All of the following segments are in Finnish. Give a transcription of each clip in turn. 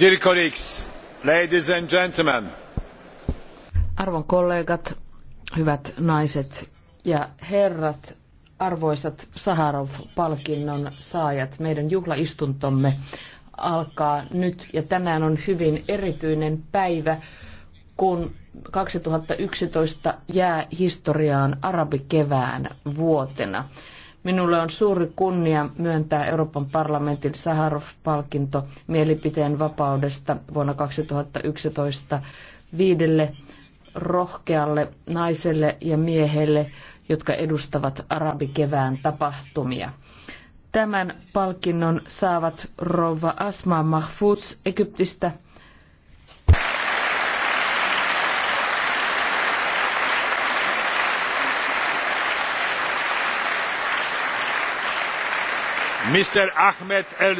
Dear colleagues, ladies and gentlemen. Arvon kollegat, hyvät naiset ja herrat, arvoisat Saharov-palkinnon saajat, meidän juhlaistuntomme alkaa nyt ja tänään on hyvin erityinen päivä, kun 2011 jää historiaan arabikevään vuotena. Minulle on suuri kunnia myöntää Euroopan parlamentin Saharov-palkinto mielipiteen vapaudesta vuonna 2011 viidelle rohkealle naiselle ja miehelle, jotka edustavat arabikevään tapahtumia. Tämän palkinnon saavat rouva Asma Mahfouz Egyptistä – Mr. Ahmed El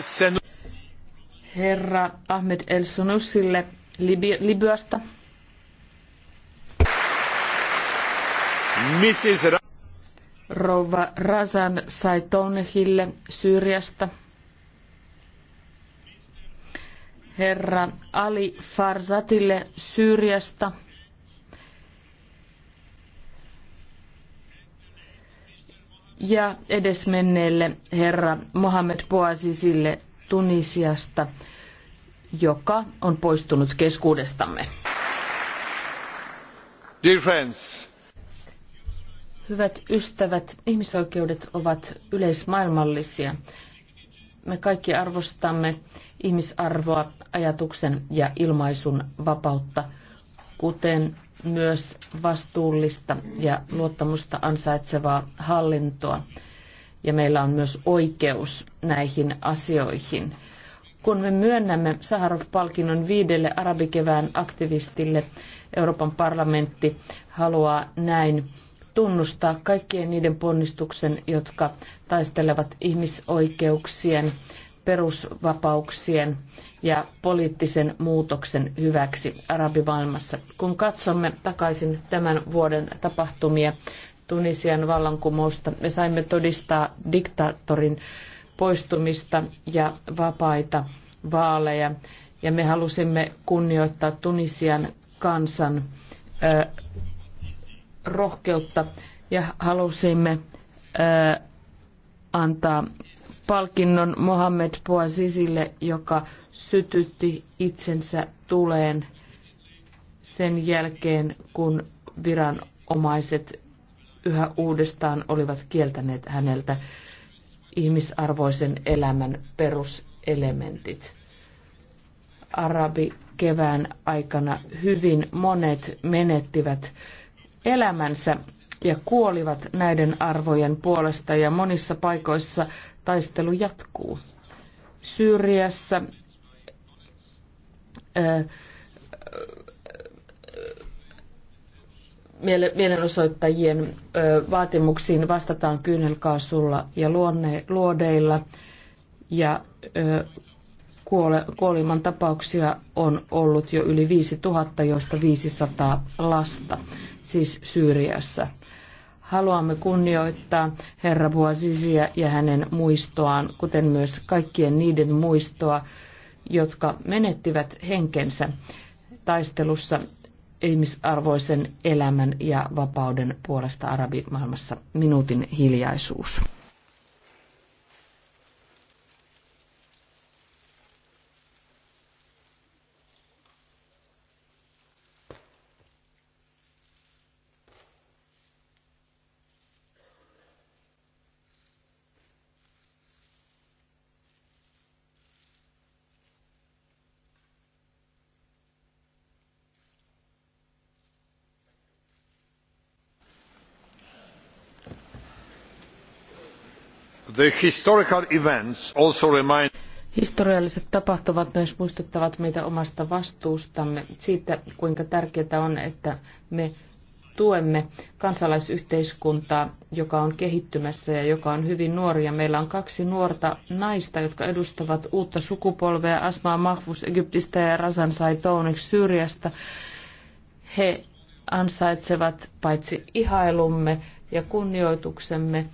Herra Ahmed El Senusille Libyasta. Mrs. Ra- Rouva Razan Saitonehille Syyriasta. Herra Ali Farzatille Syyriasta. ja edesmenneelle herra Mohamed Boazizille Tunisiasta, joka on poistunut keskuudestamme. Dear friends. Hyvät ystävät, ihmisoikeudet ovat yleismaailmallisia. Me kaikki arvostamme ihmisarvoa, ajatuksen ja ilmaisun vapautta, kuten myös vastuullista ja luottamusta ansaitsevaa hallintoa. Ja meillä on myös oikeus näihin asioihin. Kun me myönnämme Saharov-palkinnon viidelle arabikevään aktivistille, Euroopan parlamentti haluaa näin tunnustaa kaikkien niiden ponnistuksen, jotka taistelevat ihmisoikeuksien perusvapauksien ja poliittisen muutoksen hyväksi arabimaailmassa. Kun katsomme takaisin tämän vuoden tapahtumia Tunisian vallankumousta, me saimme todistaa diktaattorin poistumista ja vapaita vaaleja. Ja me halusimme kunnioittaa Tunisian kansan ö, rohkeutta ja halusimme ö, antaa palkinnon Mohammed Bouazizille, joka sytytti itsensä tuleen sen jälkeen, kun viranomaiset yhä uudestaan olivat kieltäneet häneltä ihmisarvoisen elämän peruselementit. Arabi kevään aikana hyvin monet menettivät elämänsä ja kuolivat näiden arvojen puolesta ja monissa paikoissa taistelu jatkuu. Syyriassa mielenosoittajien vaatimuksiin vastataan kyynelkaasulla ja luonne, luodeilla ja kuoleman tapauksia on ollut jo yli 5000, joista 500 lasta, siis Syyriassa. Haluamme kunnioittaa herra Boazizia ja hänen muistoaan, kuten myös kaikkien niiden muistoa, jotka menettivät henkensä taistelussa ihmisarvoisen elämän ja vapauden puolesta arabimaailmassa. Minuutin hiljaisuus. The historical events also remind... Historialliset tapahtumat myös muistuttavat meitä omasta vastuustamme siitä, kuinka tärkeää on, että me tuemme kansalaisyhteiskuntaa, joka on kehittymässä ja joka on hyvin nuoria. Meillä on kaksi nuorta naista, jotka edustavat uutta sukupolvea, Asma Mahfus Egyptistä ja Razan Saitounex Syyriasta. He ansaitsevat paitsi ihailumme ja kunnioituksemme,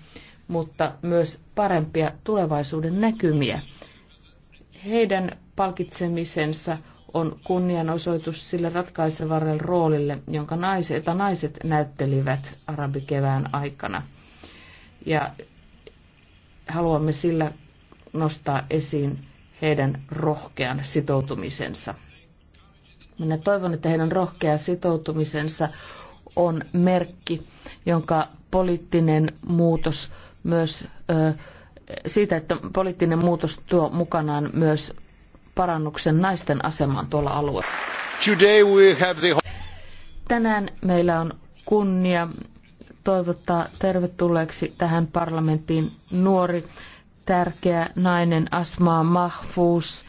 mutta myös parempia tulevaisuuden näkymiä. Heidän palkitsemisensa on kunnianosoitus sille ratkaisevalle roolille, jonka naiset, jota naiset näyttelivät arabikevään aikana. Ja haluamme sillä nostaa esiin heidän rohkean sitoutumisensa. Minä toivon, että heidän rohkea sitoutumisensa on merkki, jonka poliittinen muutos myös siitä, että poliittinen muutos tuo mukanaan myös parannuksen naisten asemaan tuolla alueella. Tänään meillä on kunnia toivottaa tervetulleeksi tähän parlamenttiin nuori, tärkeä nainen Asmaa Mahfouz,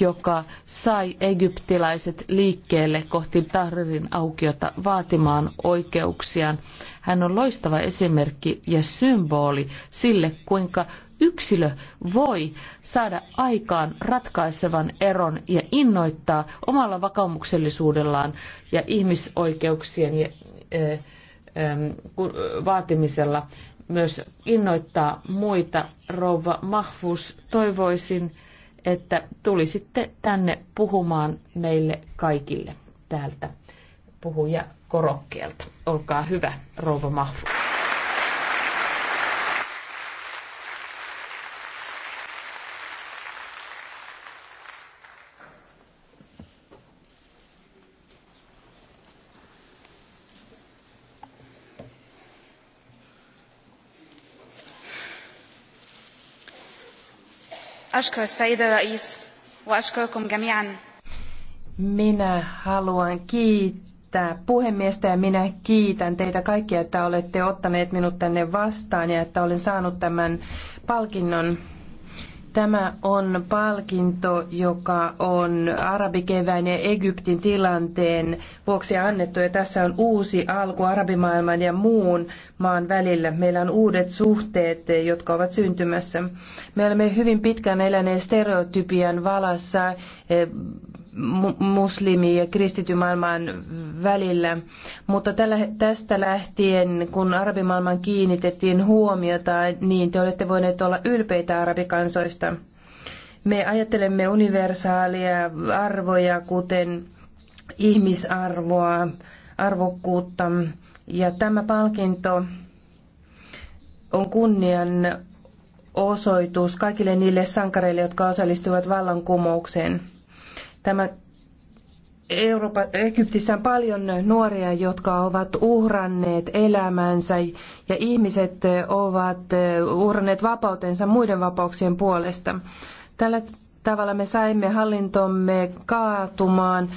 joka sai egyptiläiset liikkeelle kohti Tahririn aukiota vaatimaan oikeuksiaan hän on loistava esimerkki ja symboli sille, kuinka yksilö voi saada aikaan ratkaisevan eron ja innoittaa omalla vakaumuksellisuudellaan ja ihmisoikeuksien ja, e, e, vaatimisella myös innoittaa muita. Rouva Mahfus, toivoisin, että tulisitte tänne puhumaan meille kaikille täältä puhuja korokkeelta. Olkaa hyvä, rouva Mahfu. Minä haluan kiittää kiittää puhemiestä ja minä kiitän teitä kaikkia, että olette ottaneet minut tänne vastaan ja että olen saanut tämän palkinnon. Tämä on palkinto, joka on arabikevään ja Egyptin tilanteen vuoksi annettu ja tässä on uusi alku arabimaailman ja muun maan välillä. Meillä on uudet suhteet, jotka ovat syntymässä. Me olemme hyvin pitkään eläneet stereotypian valassa muslimi- ja kristitymaailman välillä. Mutta tällä, tästä lähtien, kun arabimaailman kiinnitettiin huomiota, niin te olette voineet olla ylpeitä arabikansoista. Me ajattelemme universaalia arvoja, kuten ihmisarvoa, arvokkuutta. Ja tämä palkinto on kunnian osoitus kaikille niille sankareille, jotka osallistuivat vallankumoukseen. Tämä Euroopa, Egyptissä on paljon nuoria, jotka ovat uhranneet elämänsä ja ihmiset ovat uhranneet vapautensa muiden vapauksien puolesta. Tällä tavalla me saimme hallintomme kaatumaan.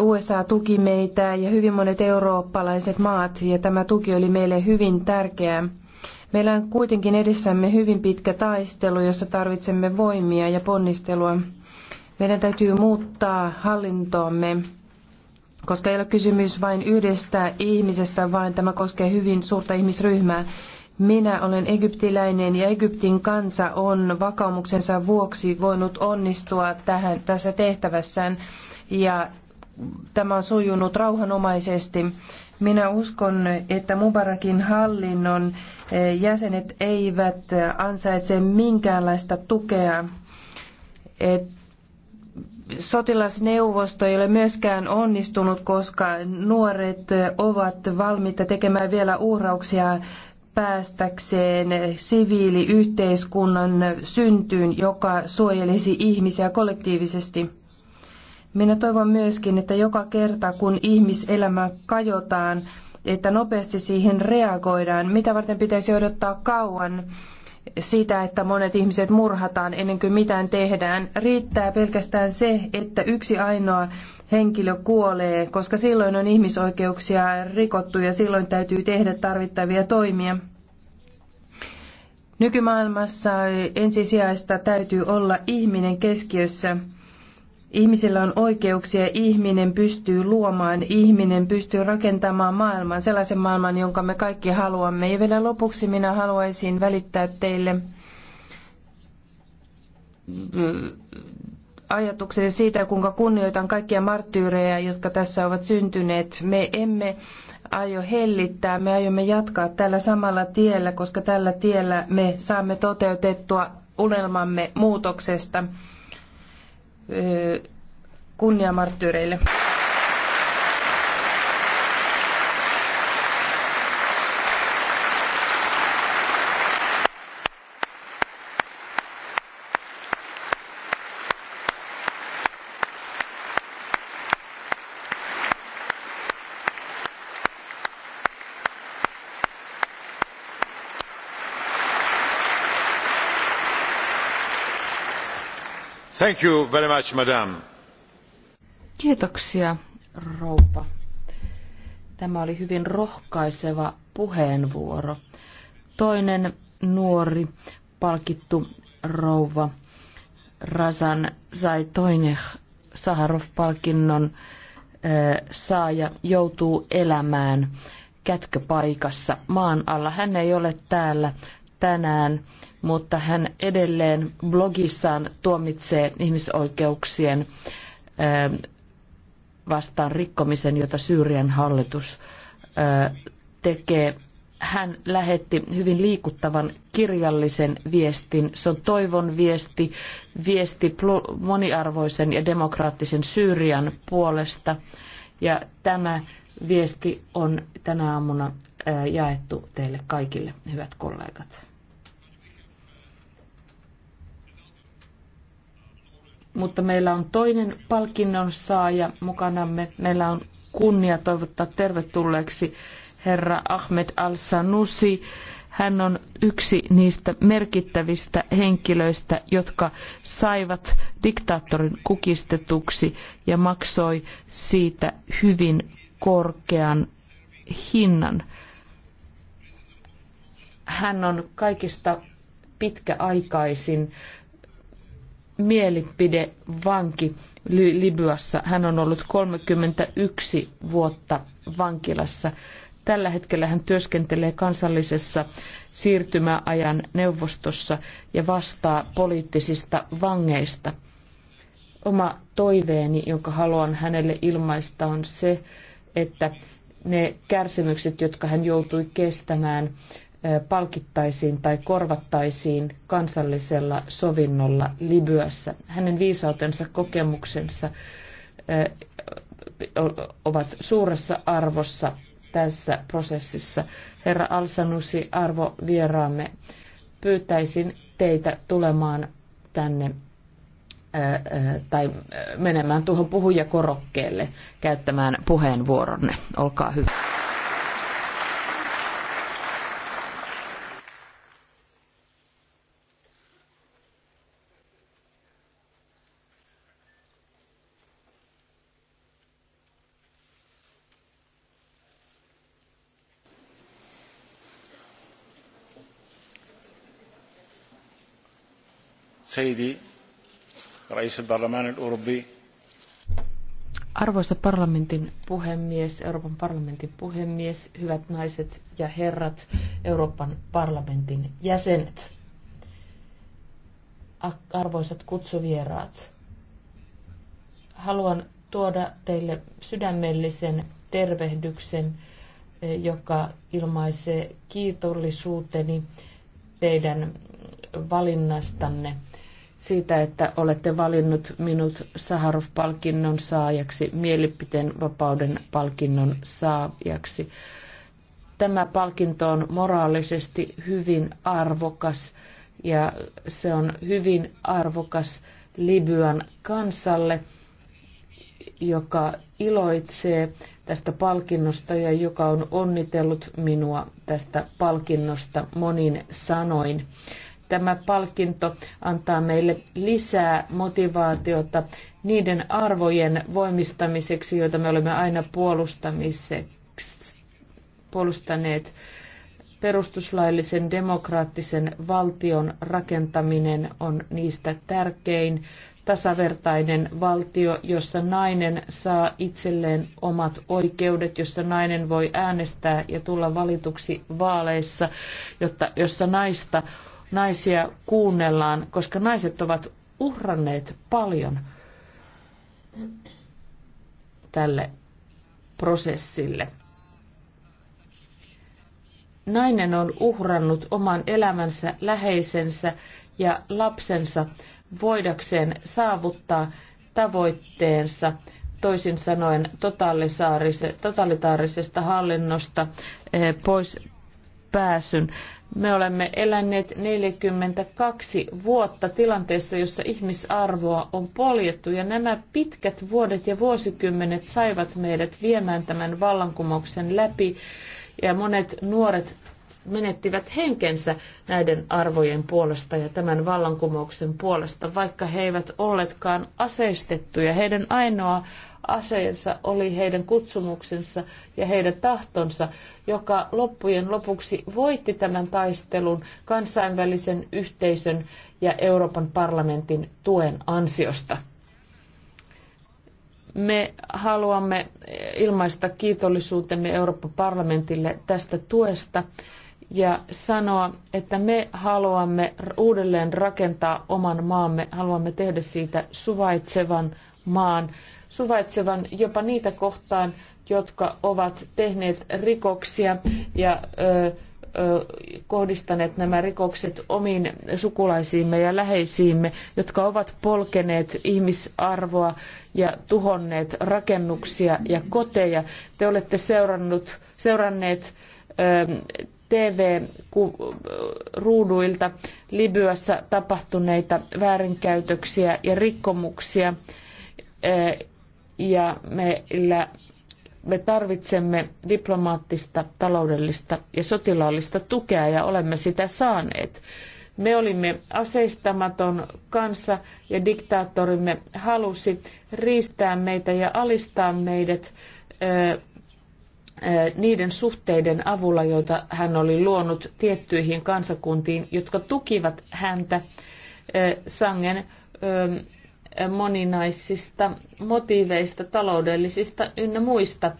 USA tuki meitä ja hyvin monet eurooppalaiset maat ja tämä tuki oli meille hyvin tärkeää. Meillä on kuitenkin edessämme hyvin pitkä taistelu, jossa tarvitsemme voimia ja ponnistelua. Meidän täytyy muuttaa hallintoamme, koska ei ole kysymys vain yhdestä ihmisestä, vaan tämä koskee hyvin suurta ihmisryhmää. Minä olen egyptiläinen ja Egyptin kansa on vakaumuksensa vuoksi voinut onnistua tähän, tässä tehtävässään ja tämä on sujunut rauhanomaisesti. Minä uskon, että Mubarakin hallinnon eh, jäsenet eivät ansaitse minkäänlaista tukea. Et sotilasneuvosto ei ole myöskään onnistunut, koska nuoret ovat valmiita tekemään vielä uhrauksia päästäkseen siviiliyhteiskunnan syntyyn, joka suojelisi ihmisiä kollektiivisesti. Minä toivon myöskin, että joka kerta kun ihmiselämä kajotaan, että nopeasti siihen reagoidaan. Mitä varten pitäisi odottaa kauan? sitä, että monet ihmiset murhataan ennen kuin mitään tehdään. Riittää pelkästään se, että yksi ainoa henkilö kuolee, koska silloin on ihmisoikeuksia rikottu ja silloin täytyy tehdä tarvittavia toimia. Nykymaailmassa ensisijaista täytyy olla ihminen keskiössä – ihmisillä on oikeuksia, ihminen pystyy luomaan, ihminen pystyy rakentamaan maailman, sellaisen maailman, jonka me kaikki haluamme. Ja vielä lopuksi minä haluaisin välittää teille mm, ajatuksen siitä, kuinka kunnioitan kaikkia marttyyrejä, jotka tässä ovat syntyneet. Me emme aio hellittää, me aiomme jatkaa tällä samalla tiellä, koska tällä tiellä me saamme toteutettua unelmamme muutoksesta kunniamarttyyreille. Kiitoksia, roupa. Tämä oli hyvin rohkaiseva puheenvuoro. Toinen nuori palkittu rouva Razan toinen Saharov-palkinnon saaja joutuu elämään kätköpaikassa maan alla. Hän ei ole täällä tänään, mutta hän edelleen blogissaan tuomitsee ihmisoikeuksien ähm, vastaan rikkomisen, jota Syyrian hallitus äh, tekee. Hän lähetti hyvin liikuttavan kirjallisen viestin. Se on toivon viesti, viesti moniarvoisen ja demokraattisen Syyrian puolesta. Ja tämä viesti on tänä aamuna äh, jaettu teille kaikille, hyvät kollegat. mutta meillä on toinen palkinnon saaja mukanamme. Meillä on kunnia toivottaa tervetulleeksi herra Ahmed Al-Sanusi. Hän on yksi niistä merkittävistä henkilöistä, jotka saivat diktaattorin kukistetuksi ja maksoi siitä hyvin korkean hinnan. Hän on kaikista pitkäaikaisin mielipidevanki Libyassa. Hän on ollut 31 vuotta vankilassa. Tällä hetkellä hän työskentelee kansallisessa siirtymäajan neuvostossa ja vastaa poliittisista vangeista. Oma toiveeni, jonka haluan hänelle ilmaista, on se, että ne kärsimykset, jotka hän joutui kestämään, palkittaisiin tai korvattaisiin kansallisella sovinnolla Libyassa. Hänen viisautensa, kokemuksensa ovat suuressa arvossa tässä prosessissa. Herra Alsanusi, arvo vieraamme, pyytäisin teitä tulemaan tänne tai menemään tuohon puhujakorokkeelle käyttämään puheenvuoronne. Olkaa hyvä. Seidi, Parlamentin Arvoisa parlamentin puhemies, Euroopan parlamentin puhemies, hyvät naiset ja herrat, Euroopan parlamentin jäsenet, arvoisat kutsuvieraat. Haluan tuoda teille sydämellisen tervehdyksen, eh, joka ilmaisee kiitollisuuteni teidän valinnastanne – siitä, että olette valinnut minut Saharov-palkinnon saajaksi, mielipiteen vapauden palkinnon saajaksi. Tämä palkinto on moraalisesti hyvin arvokas ja se on hyvin arvokas Libyan kansalle, joka iloitsee tästä palkinnosta ja joka on onnitellut minua tästä palkinnosta monin sanoin tämä palkinto antaa meille lisää motivaatiota niiden arvojen voimistamiseksi, joita me olemme aina puolustaneet. Perustuslaillisen demokraattisen valtion rakentaminen on niistä tärkein. Tasavertainen valtio, jossa nainen saa itselleen omat oikeudet, jossa nainen voi äänestää ja tulla valituksi vaaleissa, jotta, jossa naista naisia kuunnellaan, koska naiset ovat uhranneet paljon tälle prosessille. Nainen on uhrannut oman elämänsä, läheisensä ja lapsensa voidakseen saavuttaa tavoitteensa, toisin sanoen totalitaarisesta hallinnosta eh, pois pääsyn. Me olemme eläneet 42 vuotta tilanteessa, jossa ihmisarvoa on poljettu ja nämä pitkät vuodet ja vuosikymmenet saivat meidät viemään tämän vallankumouksen läpi ja monet nuoret menettivät henkensä näiden arvojen puolesta ja tämän vallankumouksen puolesta, vaikka he eivät olleetkaan aseistettuja. Heidän ainoa aseensa oli heidän kutsumuksensa ja heidän tahtonsa, joka loppujen lopuksi voitti tämän taistelun kansainvälisen yhteisön ja Euroopan parlamentin tuen ansiosta. Me haluamme ilmaista kiitollisuutemme Euroopan parlamentille tästä tuesta ja sanoa, että me haluamme uudelleen rakentaa oman maamme, haluamme tehdä siitä suvaitsevan maan, suvaitsevan jopa niitä kohtaan, jotka ovat tehneet rikoksia ja ö, kohdistaneet nämä rikokset omiin sukulaisiimme ja läheisiimme, jotka ovat polkeneet ihmisarvoa ja tuhonneet rakennuksia ja koteja. Te olette seurannut, seuranneet TV-ruuduilta Libyassa tapahtuneita väärinkäytöksiä ja rikkomuksia ja meillä me tarvitsemme diplomaattista, taloudellista ja sotilaallista tukea ja olemme sitä saaneet. Me olimme aseistamaton kanssa ja diktaattorimme halusi riistää meitä ja alistaa meidät ö, niiden suhteiden avulla, joita hän oli luonut tiettyihin kansakuntiin, jotka tukivat häntä sangen ö, moninaisista motiiveista, taloudellisista ynnä muista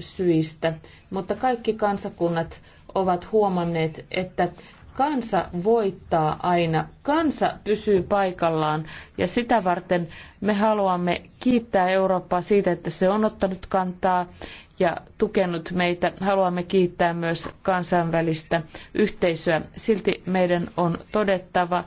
syistä. Mutta kaikki kansakunnat ovat huomanneet, että kansa voittaa aina. Kansa pysyy paikallaan ja sitä varten me haluamme kiittää Eurooppaa siitä, että se on ottanut kantaa ja tukenut meitä. Haluamme kiittää myös kansainvälistä yhteisöä. Silti meidän on todettava,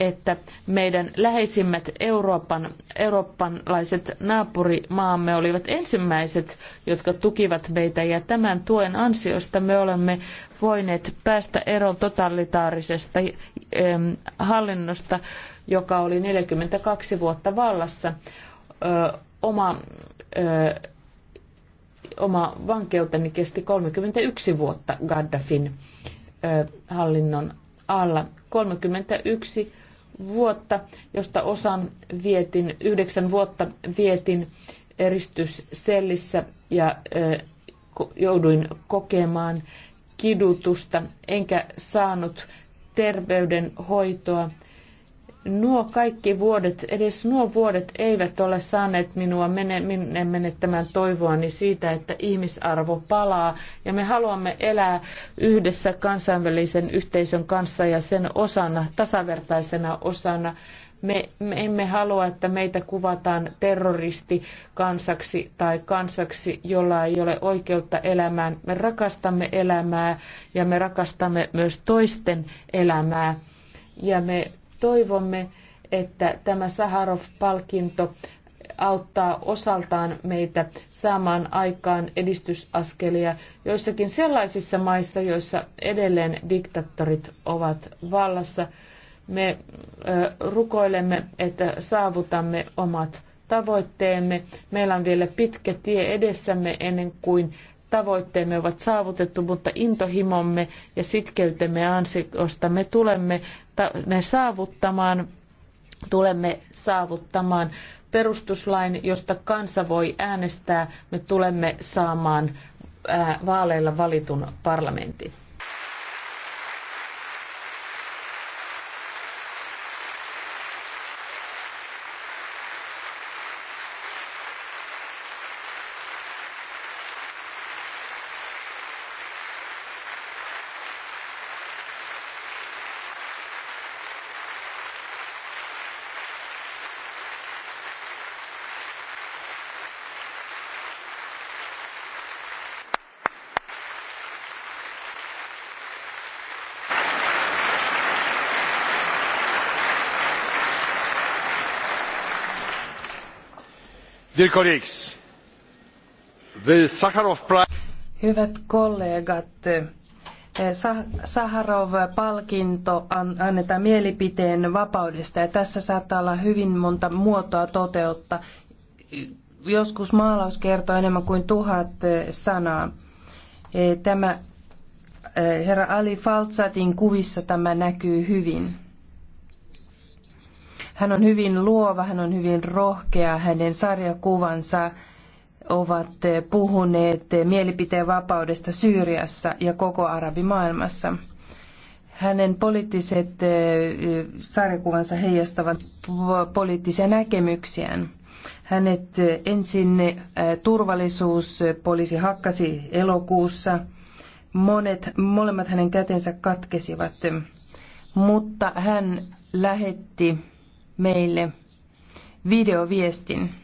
että meidän läheisimmät Euroopan, eurooppalaiset naapurimaamme olivat ensimmäiset, jotka tukivat meitä ja tämän tuen ansiosta me olemme voineet päästä eroon totalitaarisesta hallinnosta, joka oli 42 vuotta vallassa. oma Oma vankeuteni kesti 31 vuotta Gaddafin hallinnon alla. 31 vuotta, josta osan vietin, yhdeksän vuotta vietin eristyssellissä ja jouduin kokemaan kidutusta, enkä saanut terveydenhoitoa nuo kaikki vuodet, edes nuo vuodet eivät ole saaneet minua menettämään toivoani siitä, että ihmisarvo palaa. Ja me haluamme elää yhdessä kansainvälisen yhteisön kanssa ja sen osana, tasavertaisena osana. Me, me emme halua, että meitä kuvataan terroristi kansaksi tai kansaksi, jolla ei ole oikeutta elämään. Me rakastamme elämää ja me rakastamme myös toisten elämää. Ja me Toivomme, että tämä Saharov-palkinto auttaa osaltaan meitä saamaan aikaan edistysaskelia joissakin sellaisissa maissa, joissa edelleen diktattorit ovat vallassa. Me rukoilemme, että saavutamme omat tavoitteemme. Meillä on vielä pitkä tie edessämme ennen kuin tavoitteemme ovat saavutettu, mutta intohimomme ja sitkeytemme ansiosta me tulemme ne saavuttamaan, tulemme saavuttamaan perustuslain, josta kansa voi äänestää, me tulemme saamaan vaaleilla valitun parlamentin. Hyvät kollegat, Saharov-palkinto annetaan mielipiteen vapaudesta ja tässä saattaa olla hyvin monta muotoa toteuttaa. Joskus maalaus kertoo enemmän kuin tuhat eh, sanaa. Eh, tämä eh, herra Ali Faltsatin kuvissa tämä näkyy hyvin. Hän on hyvin luova, hän on hyvin rohkea, hänen sarjakuvansa ovat eh, puhuneet eh, mielipiteen vapaudesta Syyriassa ja koko arabimaailmassa. Hänen poliittiset eh, sarjakuvansa heijastavat poliittisia näkemyksiään. Hänet ensin turvallisuuspoliisi hakkasi elokuussa. Monet, molemmat hänen kätensä katkesivat, mutta hän lähetti meille videoviestin,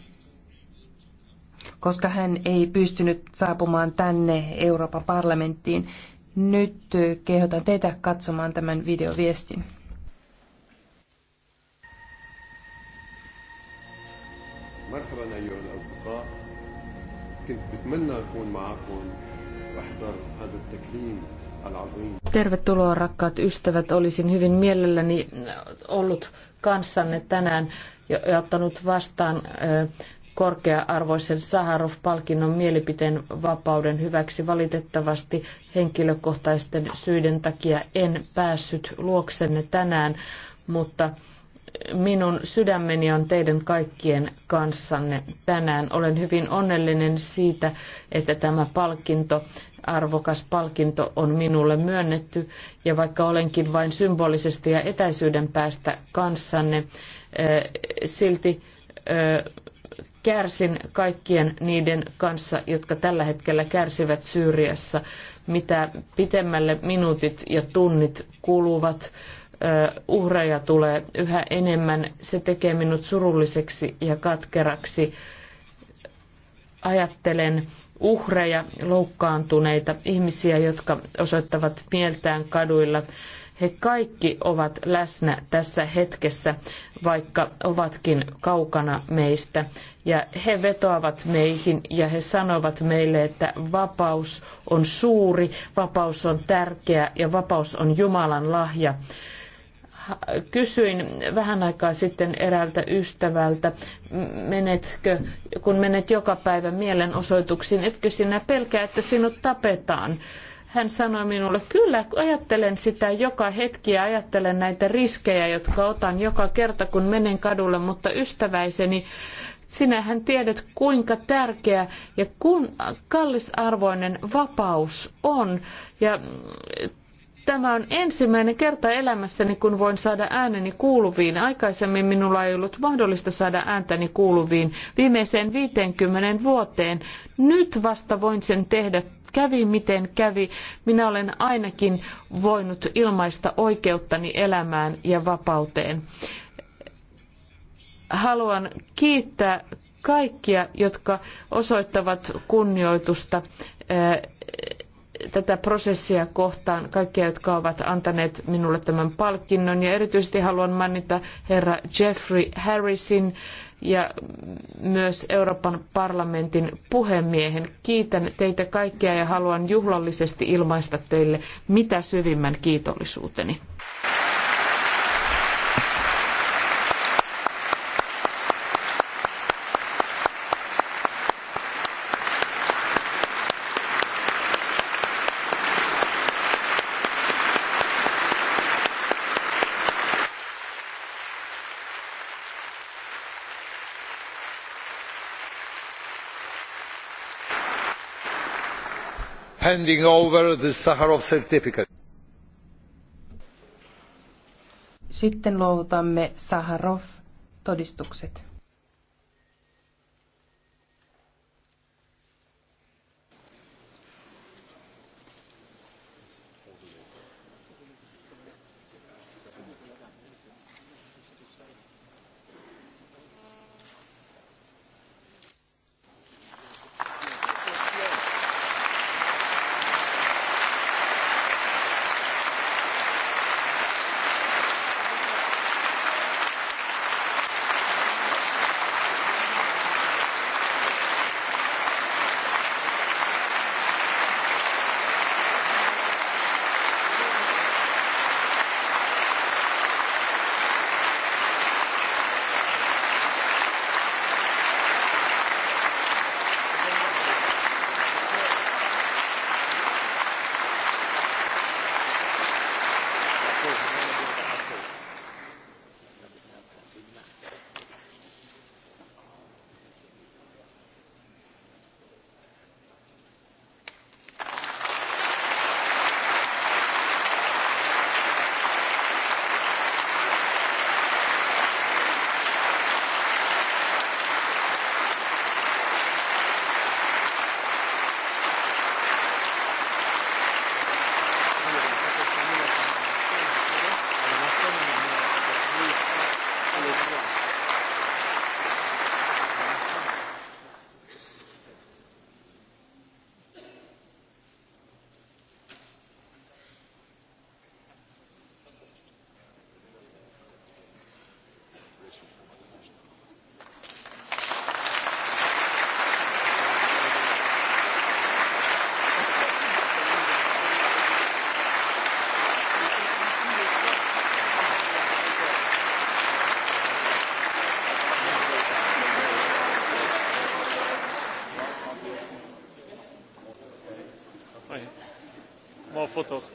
koska hän ei pystynyt saapumaan tänne Euroopan parlamenttiin. Nyt kehotan teitä katsomaan tämän videoviestin. مرحبا أيها الأصدقاء كنت بتمنى أكون معكم وأحضر هذا التكريم Tervetuloa rakkaat ystävät. Olisin hyvin mielelläni ollut kanssanne tänään ja ottanut vastaan korkea-arvoisen Saharov-palkinnon mielipiteen vapauden hyväksi. Valitettavasti henkilökohtaisten syiden takia en päässyt luoksenne tänään, mutta minun sydämeni on teidän kaikkien kanssanne tänään. Olen hyvin onnellinen siitä, että tämä palkinto arvokas palkinto on minulle myönnetty ja vaikka olenkin vain symbolisesti ja etäisyyden päästä kanssanne, silti kärsin kaikkien niiden kanssa, jotka tällä hetkellä kärsivät Syyriassa. Mitä pitemmälle minuutit ja tunnit kuluvat, uhreja tulee yhä enemmän. Se tekee minut surulliseksi ja katkeraksi ajattelen uhreja, loukkaantuneita, ihmisiä, jotka osoittavat mieltään kaduilla. He kaikki ovat läsnä tässä hetkessä, vaikka ovatkin kaukana meistä. Ja he vetoavat meihin ja he sanovat meille, että vapaus on suuri, vapaus on tärkeä ja vapaus on Jumalan lahja kysyin vähän aikaa sitten eräältä ystävältä, menetkö, kun menet joka päivä mielenosoituksiin, etkö sinä pelkää, että sinut tapetaan? Hän sanoi minulle, kyllä ajattelen sitä joka hetki ja ajattelen näitä riskejä, jotka otan joka kerta, kun menen kadulle, mutta ystäväiseni sinähän tiedät, kuinka tärkeä ja kun kallisarvoinen vapaus on. Ja Tämä on ensimmäinen kerta elämässäni, kun voin saada ääneni kuuluviin. Aikaisemmin minulla ei ollut mahdollista saada ääntäni kuuluviin viimeiseen 50 vuoteen. Nyt vasta voin sen tehdä. Kävi miten kävi. Minä olen ainakin voinut ilmaista oikeuttani elämään ja vapauteen. Haluan kiittää kaikkia, jotka osoittavat kunnioitusta eh, tätä prosessia kohtaan kaikkia, jotka ovat antaneet minulle tämän palkinnon. Ja erityisesti haluan mainita herra Jeffrey Harrisin ja myös Euroopan parlamentin puhemiehen. Kiitän teitä kaikkia ja haluan juhlallisesti ilmaista teille mitä syvimmän kiitollisuuteni. handing over the Sakharov certificate. Sitten luovutamme Saharov-todistukset. fotos.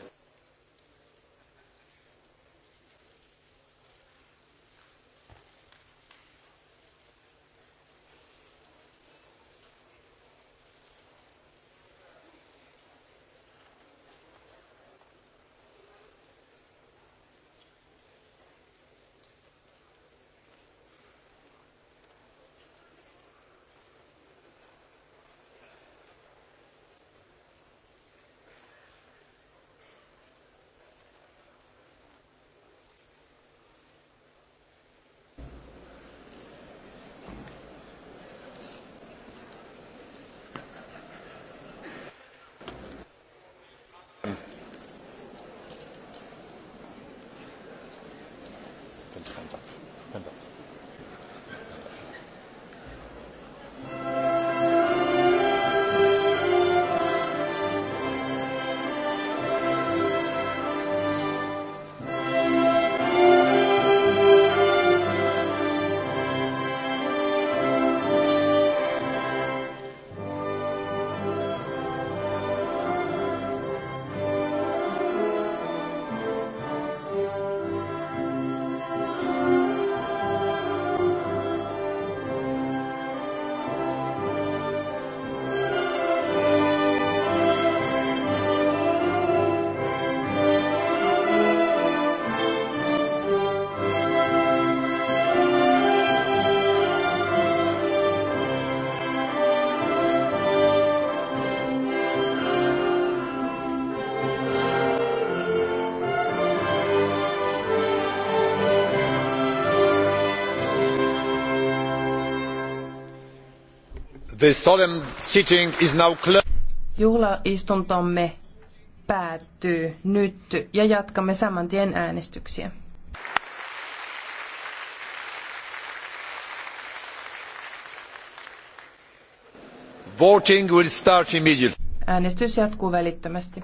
The solemn sitting is now closed. Juhlaistuntomme päättyy nyt ja jatkamme saman tien äänestyksiä. Voting will start immediately. Äänestys jatkuu välittömästi.